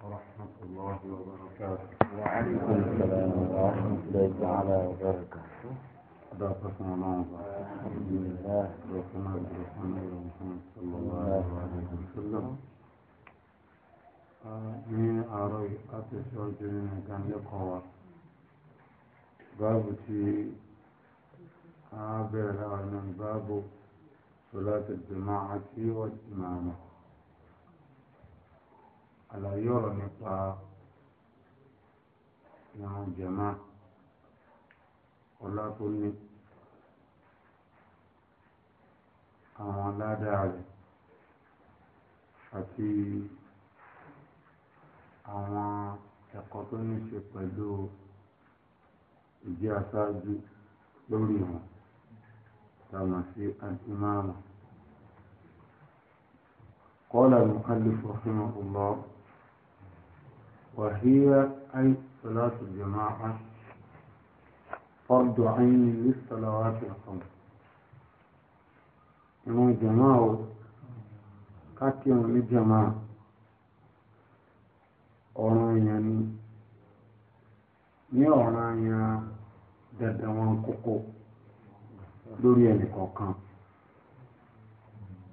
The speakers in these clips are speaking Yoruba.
وعليكم السلام ورحمة الله تعالى وبركاته ضافقنا نعظة الحمد لله محمد صلى الله عليه وسلم آه، من أروي أتشعر جميعا كان يقوى بابتي باب صلاة الجماعة والإمامة àlàyé ọ̀rọ̀ nípa ìran jẹ̀má ọlá tó ní àwọn aládàá rẹ̀ àti àwọn ẹ̀kọ́ tó ní ṣe pẹ̀lú ìjẹ́ aṣáájú lórí wọn tàbí sí àtìmáàmù. قال المؤلف رحمه الله وهي أي صلاة الجماعة فرض عين للصلوات الخمس إمام جماعة كاتم للجماعة ọ̀ràn èèyàn ni ní ọ̀ràn èèyàn dandan wọn kókó lórí ẹnì kọ̀ọ̀kan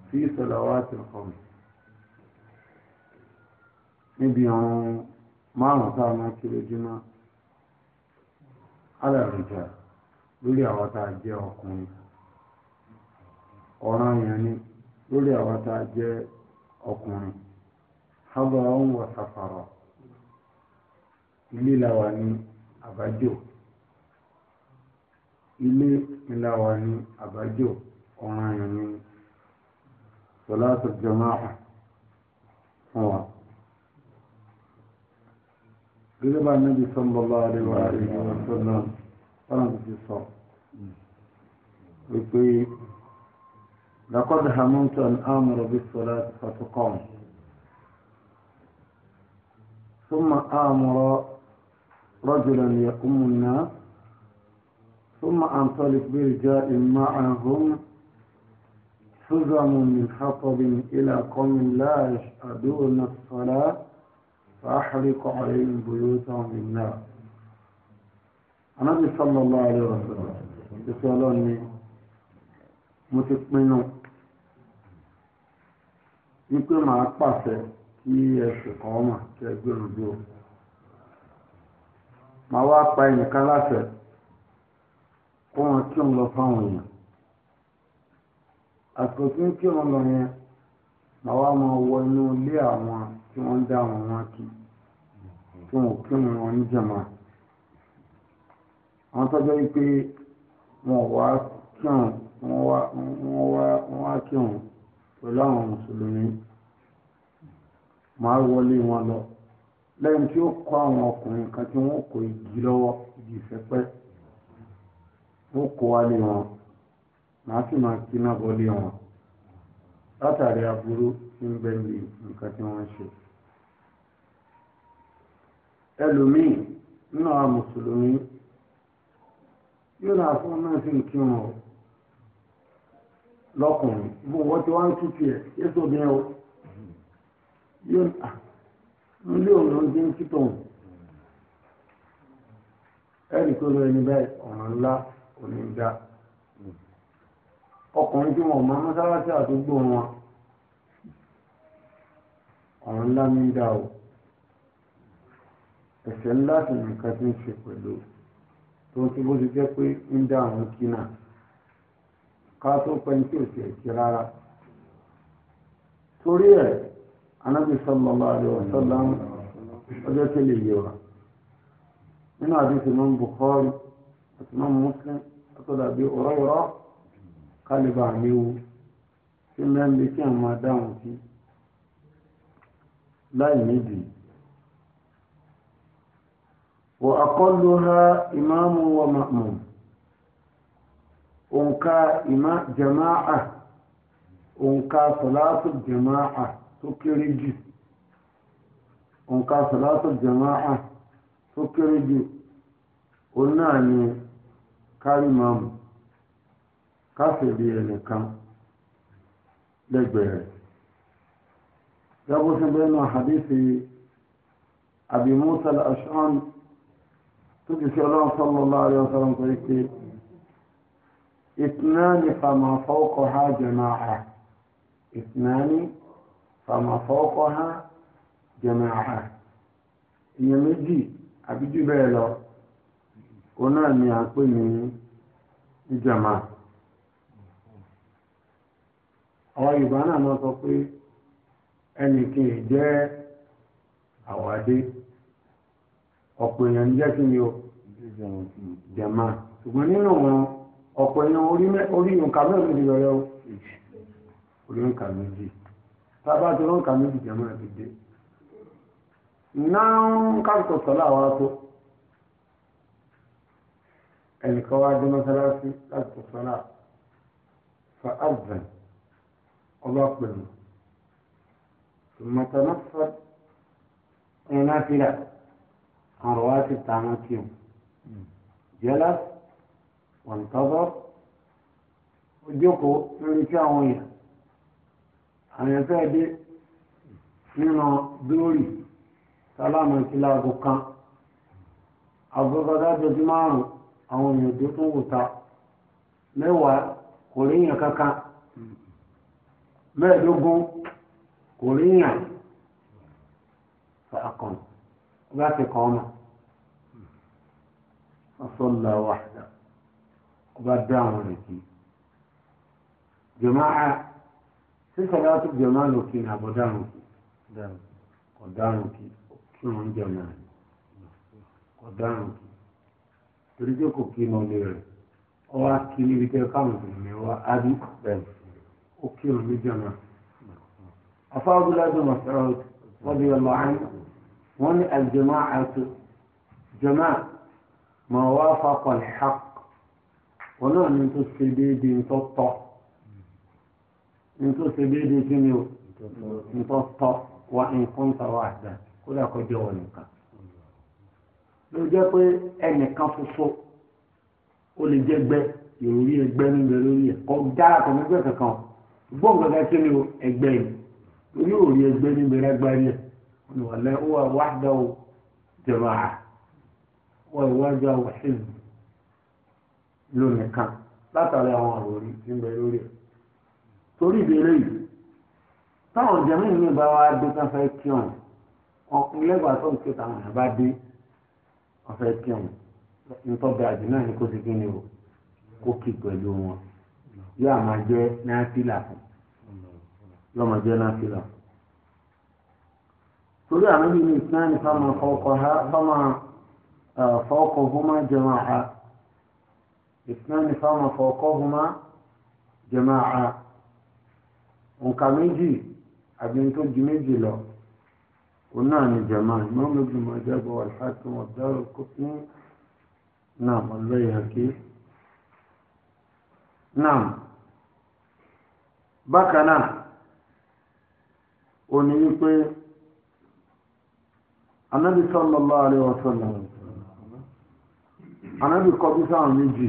sí ìsọ̀lọ́wọ́ àti ọ̀kọ̀ọ̀mù níbi àwọn márùn tá a máa kí lójúmọ́ alàrìjà lórí àwa tá a jẹ́ ọkùnrin ọ̀ràn yẹn ni lórí àwa tá a jẹ́ ọkùnrin hábọ̀rọ̀ ń wọ sàfàrọ̀ ilé làwa ní àbájò ilé ńláwa ní àbájò ọ̀ràn yẹn ni sọlá tó jọmọ́ fún wa gẹ́gẹ́ bá Ànábì sallallahu alaihi wa sallam ọ̀ràn ti sọ wípé lakọ́dà hamilton an amara bis-salati fataqam thumma amara rajulan ya'ummu an-nas ثم أنطلق برجاء معهم حزم من حطب إلى قوم لا يشهدون الصلاة فأحرق عليهم بيوتهم بالنار Ànábì sallallahu alaihi wa sallam ìfẹ́ ọlọ́run ni mo ti pinnu wípé màá pàṣẹ kí ẹsẹ̀ kan mà kí ẹ gbé òun dúró màá wá pa ẹnìkan láṣẹ kó wọn kí òun lọ fáwọn èèyàn àsìkò tí ń kí òun lọ yẹn màá wá máa wọ inú ilé àwọn tí wọ́n ń dá àwọn wọn kí. kí wọn kí wọn wọn ní jàmá àwọn tọ́jọ́ yìí pé wọn wá kírun wọn wá wọn wá wọn wá kírun pẹ̀lú àwọn mùsùlùmí máa wọlé wọn lọ lẹ́yìn tí ó kọ́ àwọn ọkùnrin kan tí wọ́n kó igi lọ́wọ́ igi ìfẹ́pẹ́ wọ́n wálé wọn ẹlòmíì nínú àwọn mùsùlùmí yóò náà fún náà sí nǹkan wọn lọkùnrin bó wọ́n ti wá ń tútù ẹ̀ yéṣu obìnrin o yóò náà nílé ah, òun ló ń dín títò òun ẹ̀rí tó lọ ẹni bẹ́ẹ̀ ọ̀ràn ńlá kò ní dá ọkùnrin tí wọn o. ẹ̀ṣẹ̀ ńlá sì nìkan ti ń ṣe pẹ̀lú tó ń tí bó ti jẹ́ pé ń dá àwọn kínà ká tó pẹ́ni tí ò sì ẹ̀kí rárá torí ẹ̀ anábì sallallahu alaihi wasallam ọjọ́ tó lè yé wa nínú àdúgbò mọ́ Bukhari àti mọ́ Muslim àtọ́dà bíi ọ̀rọ̀ kálíbà léwu tí mẹ́rin bí kí àwọn máa sí láì nídìí وأقلها إمام ومأموم òǹkà ìmá jama'a òǹkà sọ̀látù jama'a tó kéré jù òǹkà sọ̀látù jama'a tó kéré jù ó náà ni kárí máàmù káfíìlì ẹnìkan lẹ́gbẹ̀ẹ́ rẹ̀ yàgò sí bẹ́ẹ̀ náà hadithi abi musa al-ash'an tó ti ṣe ọlọ́run sallallahu alaihi wasallam pé pé ìtìnáàní fama fawqaha jamaaha ha fama fawqaha jamaaha èèyàn méjì àbí jù bẹ́ẹ̀ lọ òun náà ni à ń pè ní ìjàmà àwọn yorùbá náà máa ọ̀pọ̀ èèyàn ń jẹ́ kí ni o jẹ̀mà ṣùgbọ́n nínú wọn ọ̀pọ̀ èèyàn orí nǹkan mẹ́rin ti yọrẹ o orí nǹkan méjì sábà tó nǹkan méjì jẹ̀mà ti dé náà ń káàkó sọ́lá wa tó ẹnìkan wá dé mọ́sálásí láti kó sọ́lá fa azan ọba pẹ̀lú tòmátánà fún ẹ̀ náà fi rà. كان رواتب تعمل فيهم جلس وانتظر وجوكو من شاوية أنا فادي من دوري سلام كلا بكا أبو غدا جمعان أو يدوتو وطا ميوا كولين كاكا ميدوغو كولين فأقوم láti kan ọmọ ọsọlá wàhálà ọba dá àwọn rẹ kí jọmáà sísọlá tó jọmáà lò kí ní àbọdá àwọn kí ọ̀daràn kí kí wọn jọmáà ọ̀daràn kí torí pé kò kí mọ lè rẹ ọwọ́ kí níbi tẹ káwọn obìnrin wa ádì ó kí wọn ní jọmáà afáwọlá tó mọ sọ̀rọ̀ wọn bí wọn lọ àyìn wọ́n ní al-jama'atu jama'a ma wafaqa al-haqq wọn náà ní tó ṣe déédéé ńtọ́ tọ́ ní tó ṣe déédéé kí ni o ńtọ́ tọ́ wa nǹkan ta wa àdá kó dà kó jẹ́ wọn nìkan ló jẹ́ pé ẹnìkan ṣoṣo ó lè jẹ́ gbẹ́ ìrírí ẹgbẹ́ níbẹ̀ lórí ẹ̀ kọ́ dára kọ́ nígbẹ́ kankan gbọ́n gbọ́dọ̀ kí ni o ẹgbẹ́ yìí orí òrí ẹgbẹ́ níbẹ̀ lágbárí ẹ̀. ولا هو وحده جماعة ووجه حزب lónìí kan látàrí àwọn àròrí tí ń bẹ lórí ẹ̀ torí ìbéèrè yìí táwọn jẹ́mí mi bá wá dé kán fẹ́ kí ọ̀hún ọkùnrin lẹ́gbàá tó ń ké táwọn èèyàn bá dé wọ́n fẹ́ kí ọ̀hún nítorí àjò náà ni kò sí kí ni o kó kí pẹ̀lú wọn yóò máa jẹ́ náà fìlà fún yóò máa jẹ́ náà fìlà fún torí àwọn ibi ìsìnà ní fáwọn fọwọ́kọ̀ ha fáwọn fọwọ́kọ̀ húmá jẹmọ́ ha ìsìnà ní fáwọn fọwọ́kọ̀ húmá jẹmọ́ ha nǹka méjì àbí tó ju méjì lọ òun náà ní jẹmọ́ ìmọ̀ méjì mọ̀ jẹ́bọ̀ alhaki wọn dárò kó ní náà ọlọ́yẹ̀ àké náà bákan náà òní wípé anábì sallallahu alaihi wasallam anábì kọjú sáwọn méjì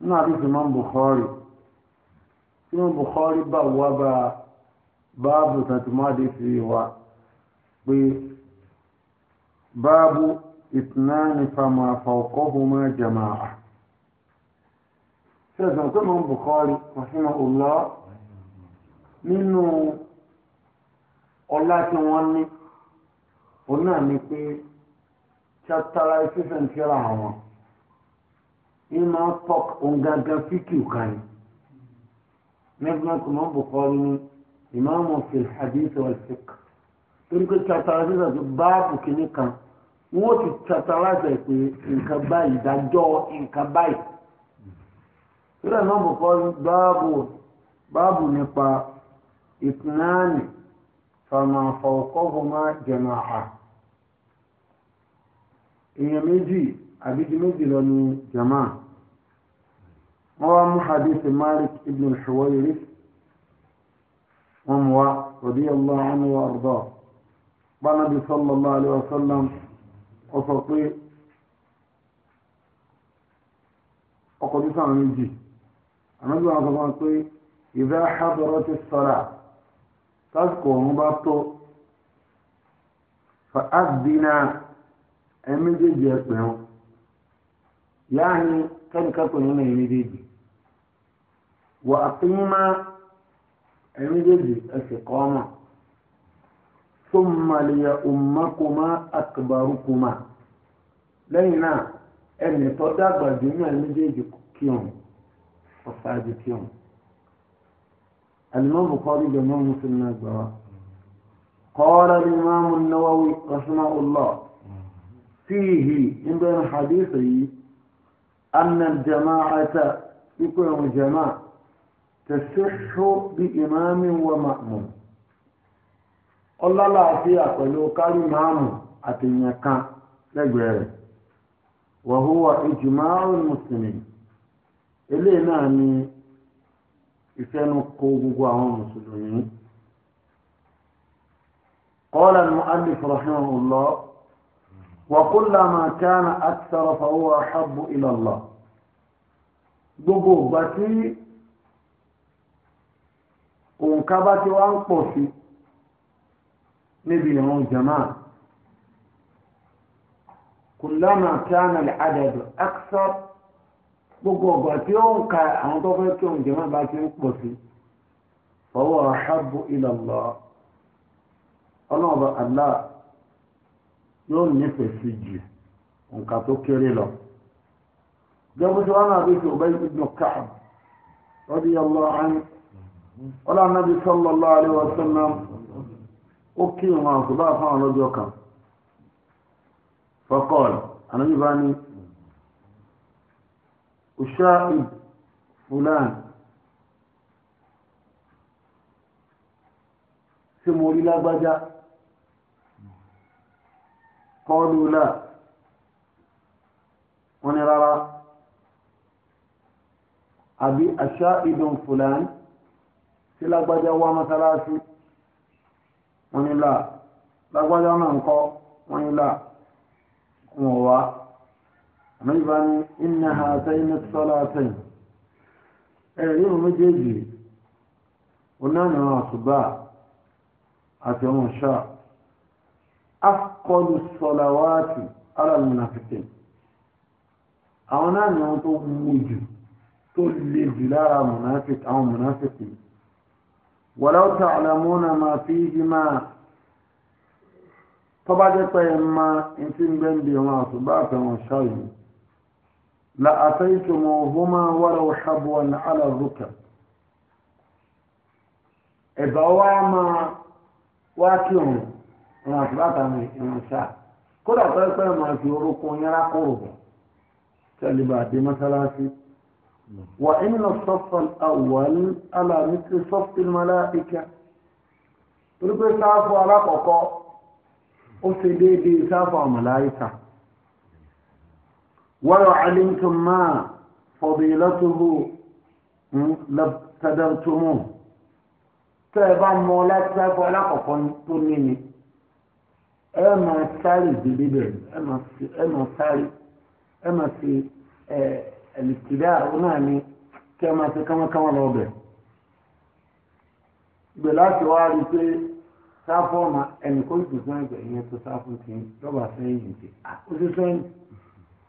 nínú àdìsí máa ń Bukhari tí wọ́n Bukhari bá wà bá báàbù tàtìmáàdì sí wa pé báàbù ìtìláàní fama fawqahuma jama'a sẹ́sàn pé máa ń Bukhari rahimahullah nínú ọlá tí wọ́n ní òun náà ni pé chatara ṣíṣàn tíra àwọn ní máa tọ́k ongangan fíkì kan nígbà tó máa Bukhari ní ìmáàmù fi hadith wal fiqh torí pé chatara ṣíṣàn tó báàbù kìíní kan wọ́n ti chatara ṣẹ̀ pé nǹkan báyìí ìdájọ́ nǹkan báyìí tíra náà báàbù báàbù nípa ìtìláàní fàmà fawqahuma jama'a èèyàn méjì àbíjú méjì lọ ní jama'a wọ́n wá mú hadith malik ibn al-huwayri wọ́n mú wa radiyallahu anhu wa arda bánàbí sallallahu alayhi wa sallam ó sọ pé ọkọ̀ bí sáwọn méjì àmọ́bí wọn sọ fún wa pé idha hadarat as-salat tásìkò òun bá tó fa ádìnnà ẹ méjèèjì ẹgbẹ̀rún yáàni kẹ́nìkẹ́kọ̀ọ́ nínú ẹ méjèèjì wà á pín má ẹ méjèèjì ẹsẹ̀ kọ́ ọmọ tó الإمام البخاري الإمام مسلم قال الإمام النووي رحمه الله فيه إن بين حديثي أن الجماعة يكون جماعة تصح بإمام ومأموم الله لا àpẹ̀lú kárí قال إمام kan lẹ́gbẹ̀ẹ́ rẹ̀ وهو إجماع المسلمين eléyìí náà ìfẹ́nu kó gbogbo àwọn mùsùlùmí. قال المؤلف رحمه الله وكلما كان أكثر فهو أحب إلى الله gbogbo ìgbà tí òǹkà bá ti wá ń pọ̀ sí níbi ìrun jamaa كلما كان العدد أكثر gbogbo ọgbà tí ó ń ka àwọn tó fẹ́ kí oúnjẹ máa bá ti ń pọ̀ sí fọwọ́ ahabbu ila ọlọ́ọ̀bà yóò nífẹ̀ẹ́ sí jù tó kéré lọ. náà bí ó kí àkùbá fáwọn kan أشاهد فلان سمولي لا بجا قالوا لا ونرى أبي أشاهد فلان سلا بجا ومثلاتي ونلا لا بجا من قال ونلا nígbà ní iná àtẹ́yìn sọ́lá àtẹ́yìn ẹ̀rọ yóò méjèèjì onáàmì àwọn àṣùbà àti ọmọ ṣá afqadu salawati ala al-munafiqin àwọn náà ni wọn tó wúwo jù tó le jù lára àwọn mùnáfíkì walau ta'lamuna ma fihima tọ́bajẹ́pẹ́ ẹ̀ máa ń tí ń gbẹ́ ń ọmọ àṣùbà àti ọmọ ṣá yìí. لأتيتموهما ولو حبوا على الركب ìbáwámá wá kí òun ìrìn àti bàtà mi ìrìn sá kódà pé pé màá fi orúkún yára kúrò bọ̀ tẹ́lẹ̀ bá dé mọ́sálásí. wà ìnà sọ́fọ̀n àwọn alàmísí sọ́fọ̀n màláìka torí pé sáfù alákọ̀ọ́kọ́ ó ṣe déédéé sáfù àmàláìka. ولو علمتم ما فضيلته لابتدرتموه تابع مولاك لا فعلاقة تنيني اما ساري بالبدن اما اما ساري اما في آه الابتداء هنا كما كما كما الوضع بلا سؤال sáfọ́ọ̀mà ẹnì kó ìtòsán ìgbẹ̀yìn tó sáfún ti lọ́bàá sẹ́yìn ti àkóso sẹ́yìn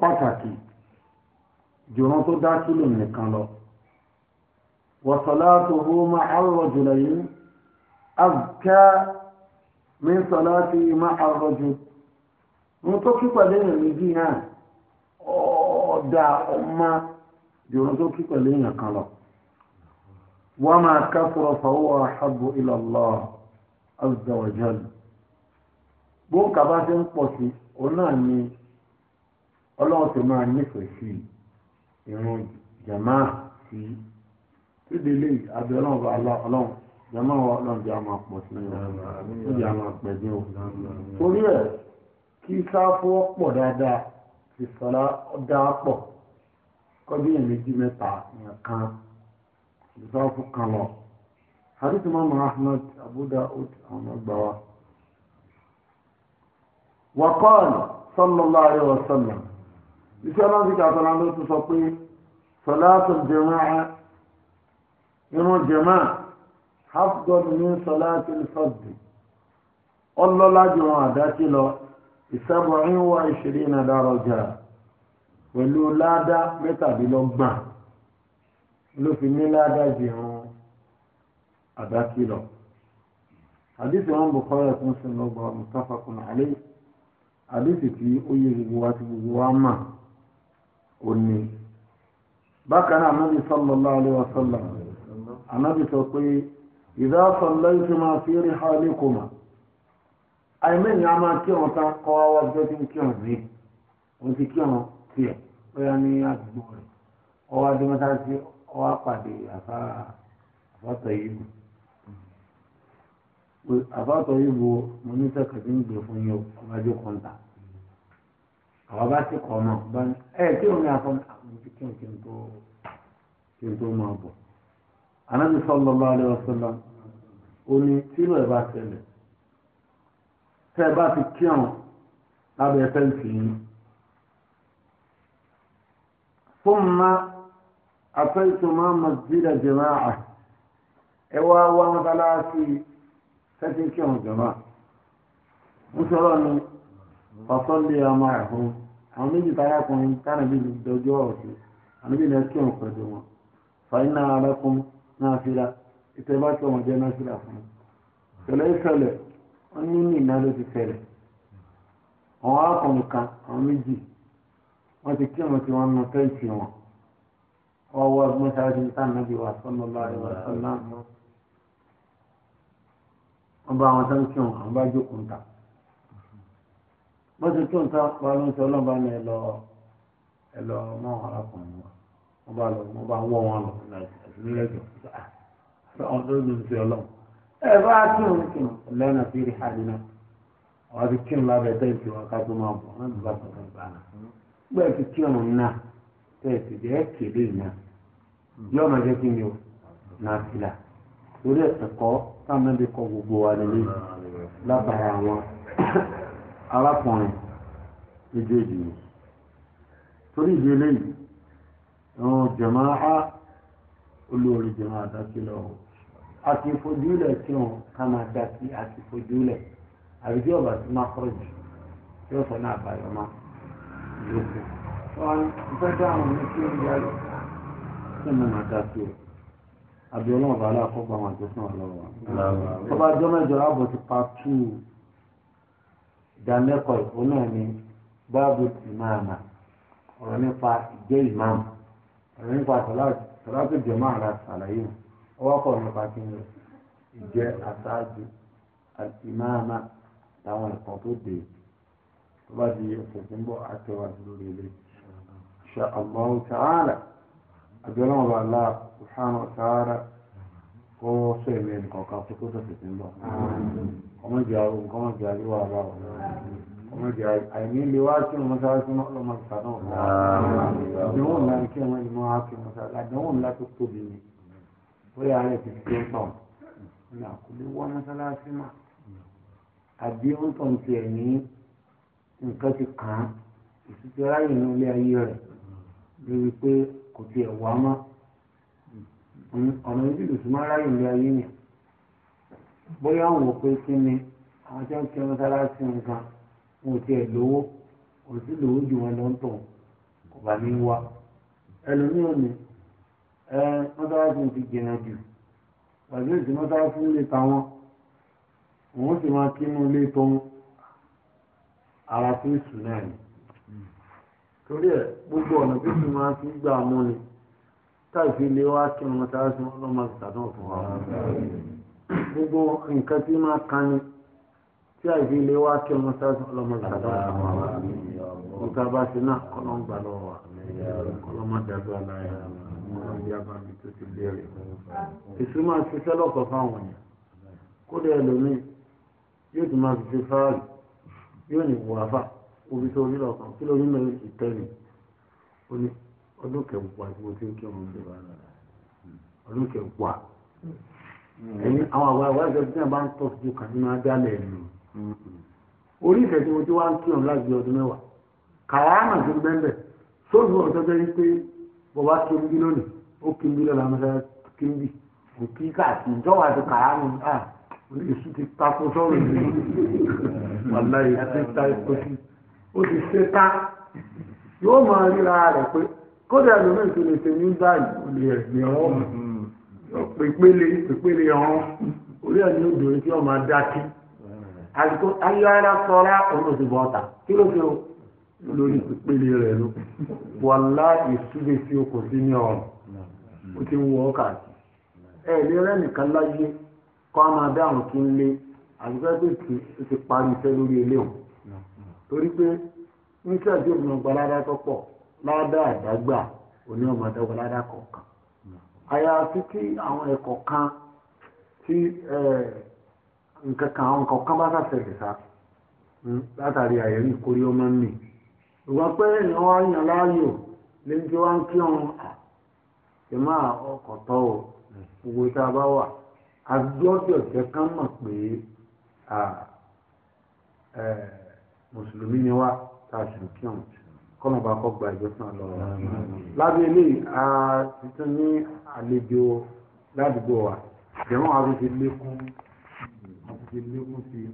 pàtàkì jòrán tó dá sílò nìkan lọ wàsàlátò hó máa àrọ̀ jùlọ yìí àbùká mi sàlátì máa àrọ̀ jù mo tó kí pẹ̀lú èèyàn méjì náà ọ̀ọ́dà ọmọ jòrán tó kí pẹ̀lú èèyàn kan lọ wọ́n máa kásọ̀rọ̀ fàwọ́ àhábò ilallah azza wa jalla bó ń pọ̀ sí òun náà ni ọlọ́run tó máa nífẹ̀ẹ́ sí irun jàmáà sí síbi ilé àbí ọlọ́run bá ọlọ́run jàmáà wa ọlọ́run jẹ́ àmọ́ pọ̀ sí i ó jẹ́ àmọ́ pẹ̀lú o torí ẹ̀ kí sáfù pọ̀ dáadáa ìsọ̀lá ọ̀dà pọ̀ kọ́bí ẹ̀ méjì mẹ́ta yẹn kan ìsáfù kan lọ àdìsí mọ́mọ́ Ahmad Abu Daud àwọn ọgbà wa. وقال صلى الله عليه وسلم iṣẹ́ ọlọ́run ti kàtọ́ la ló tún sọ pé sọláàtù jẹ̀máà irun jẹ̀máà hafdọ́n ní sọláàtù fọ́ọ̀dù ọlọ́lá ju wọn àdáṣe lọ ìsẹ́bọ̀rin wá ìṣeré náà dára ọjà pẹ̀lú ládá mẹ́tàdínlọ́gbọ̀n ló fi ní ládá jẹun àdáṣe lọ. àdìsí wọn bò kọ́ra fún sinú ọgbà mustapha kùnà àlẹ́ àdìsí tí ó yẹ gbogbo wa ti gbogbo wa mà. òní bákan náà anábì sallallahu alaihi wasallam anábì sọ pé idha sallaytuma fi ma àìmẹ́yìn a máa kírun tá kọ́ wá jẹ́ kí n kírun sí òun ti kírun tiẹ̀ bóyá ní àdúgbò rẹ̀ ọwọ́ adémọ́tá sí ọwọ́ pàdé àfàtọ̀ yìí àfàtọ̀ yìí mo ní sẹ́kẹ̀tì ń gbé fún yín ọba jókòó àwọn bá ti kọ ọmọ bá ní ẹ tí òun ní afọ àmójú kí n kí n tó kí n tó máa bọ̀ anábì sallallahu alaihi wasallam ó ní tírò ẹ bá ṣẹlẹ̀ tẹ ẹ bá ti kí ọ̀hún lábẹ́ fẹ́ǹsì yìí fún ma afẹ́ǹsì máa masjida jama'a ẹ wá wá mọ́tálásí fẹ́ǹsì kí ọ̀hún jama'a ń sọ̀rọ̀ ni fàtọ́lé ọmọ ẹ̀hún àwọn méjì táyàkùnrin tánàbí dọjọ́ ọ̀rọ̀ sí àníbí ní ẹkí òun pẹ̀lú wọn fàyínà alákùn náà fìlà ìtẹ́bá tí ọmọ jẹ́ náà fìlà fún un tẹ̀lé ìfẹ̀lẹ̀ wọn ní ní ìná ló ti fẹ̀lẹ̀ àwọn arákùnrin kan àwọn méjì wọn ti kí wọn tí wọn nà tẹ́ǹtì wọn ọwọ́ mọ́ṣáláṣí ní tánàbí wa sọ́nà láàrin wa sọ́nà wọn bá àwọn tẹ́ǹtì wọn àwọn bá jókòó bó ti tó nǹkan pa ló ń sọ ọlọ́ba ni ẹ lọ ẹ lọ mọ àwọn arákùnrin wa wọ́n bá lọ wọ́n bá wọ́ wọn lọ nílẹ̀jọ́ àwọn tó lù ú ọlọ́run ẹ bá sí ti lábẹ́ wọn ká tó máa bọ̀ wọ́n ti bá náà arákùnrin méjèèjì ni torí ìdí eléyìí ẹ̀wọ̀n jẹ̀máà á olórí jẹ̀máà dákí lọ́wọ́ a ti fojú ilẹ̀ tí wọn ká máa dá sí a ti fojú ilẹ̀ àbíjẹ́ ọ̀bà tí máa kọ́ jù tí ó fọ́ náà bàyọ̀ máa lókè wọn ìfẹ́ dáhùn ní kí ó ń yára kí ni dá sí o àbí ọlọ́run bàálà kọ́ gbà wọn àjọṣe wọn ọba jọ́mẹ́jọ ààbò ti pa two. ìdámẹ́kọ̀ọ́ ìfún náà ni báàbù tì máa mà ọ̀rọ̀ nípa ìjẹ́ ìmáàmù ọ̀rọ̀ nípa sọ̀láàtì jẹ̀mọ́ àrà sàlàyé ọwọ́kọ̀ nípa kí ni ìjẹ́ àṣáájú àti máàmà táwọn ẹ̀kọ́ tó dé tó bá di ọ̀sẹ̀ tí ń bọ̀ àtẹwájú lórí ilé ṣe àgbọ̀n kó sèrè nǹkan fún tó tẹ̀sẹ̀ ń bọ̀. kọ́mọ̀jì àrùn kọ́mọ̀jì àríwá ara ọ̀ kọ́mọ̀jì àìní ilé wá kí wọn sáré fún ọlọ́mọ ìsàdán ọ̀la. àdéhùn ńlá ni kí wọn ìmọ̀ á kí wọn sáré àdéhùn ńlá tó tóbi ni bóyá ààrẹ ti fi tó ń ní àkúlé wọ́n mọ́sálásí mà àdéhùn tó ń tiẹ̀ ní nǹkan ti kàn án ìsúté ráyè ní ilé ayé rẹ̀ lórí pé kò tiẹ̀ wá mọ́ ọ̀nà ibi ìdùsùn máa ráyè ní ayé yẹn bóyá àwọn òpin kí ni àwọn tí wọ́n ti ń sára sí nǹkan wọn ò tiẹ̀ lówó kò sí lówó jù wọn lọ ń tọ̀ kò bá ní wá ẹlòmíì ò ní ẹ mọ́tàlásì ti jìnnà jù pàṣẹ ìsìn mọ́tàlásì ń lè ta wọn sì máa kí inú ilé tó ń ara tó sùn náà ni torí ẹ gbogbo ọ̀nà tó sì máa fi gbà mú ni táìfi lè wá kí ọmọ sára sí wọn lọ́mọ ìsàdán fún wa gbogbo nǹkan tí máa kan ni tí àìfi lè wá kí ọmọ sára sí wọn lọ́mọ ìsàdán fún wa nǹkan bá ṣe náà kọ́lọ́ ń gbà lọ́wọ́ wa kọ́lọ́ má dàgbà láyà mọ́ ìyàbá mi tó ti léèrè èsì máa ṣiṣẹ́ lọ́kọ̀ fáwọn yẹn kódà ẹlòmíì yóò ti máa fi ṣe fáàlì yóò ní wàhálà obi tó rí lọ́kàn kí ló ní mẹ́rin ìtẹ́ni ọdún kẹwàá tí mo ti ń kí ọmọ mi ọdún kẹwàá ẹni àwọn àwọn àwọn ẹgbẹ́ tí wọ́n bá ń tọ́ sí kan nínú ajálẹ̀ ìlú orí ìfẹ́ tí mo ti wá ń kí ọ̀hún láti ọdún mẹ́wàá kàráàmà tó ń bẹ́ẹ̀ sóòtú ọ̀sẹ̀ bẹ́ẹ̀ pé bọ̀bá kí ń bí lónìí ó kí ń bí lọ́la mọ́sá kí ń bí kò kí káàkiri ìjọba àti kàráàmà à èṣù ti takò sọ́rọ̀ ìlú wàláyé ti ta ìkọ́sí ó ti ṣe ká yóò máa ríra rẹ̀ pé kódà lómi ìtòlè ṣe ní báyìí olè ẹ̀sìn ọ̀hún mm-hmm. pèpele pèpele ọ̀hún orí ẹ̀ ní odò etí ọmọ adákí àsìkò ayọ́ra sọ́ra òun òsì bọ́ta kí ló ṣe o lórí pèpele rẹ̀ ló wàlá ìsúlẹ̀ tí o kò sí ní ọ̀run ó ti ń wọ ọ́ káàkiri ẹ̀ lé rẹ́nìkan láyé kọ́ á máa dáhùn kí n lé àsìkò ẹgbẹ́ tí o ti parí iṣẹ́ lórí eléhùn torí pé níṣẹ́ àti òmìnira gbalára tó pọ̀ ládàá àdágbà oní ọmọ adágbà ládàá kọ̀ọ̀kan àyàfi kí àwọn ẹ̀kọ́ kan tí nǹkan kan àwọn nǹkan kan bá sàṣẹlẹ̀ sá hmm, látàrí àyẹ̀rí ìkórí ọmọ mi ìwọ́n pé èèyàn wá yàn láàyò lẹ́yìn tí ń kí ọ̀run ẹ̀ máa ọkọ̀ tọ́ o gbogbo tá a bá wà àgbọ́dọ̀ ọ̀jẹ́ kan mọ̀ pé mùsùlùmí ni wá tá a sì ń kí ọ̀run kọ́nà bá kọ́ gba ìjọsìn lọ. lábẹ́ ilé a ti tún ní àlejò ládùúgbò wa jẹ̀wọ́n a ti lékún a ti lékún sí i.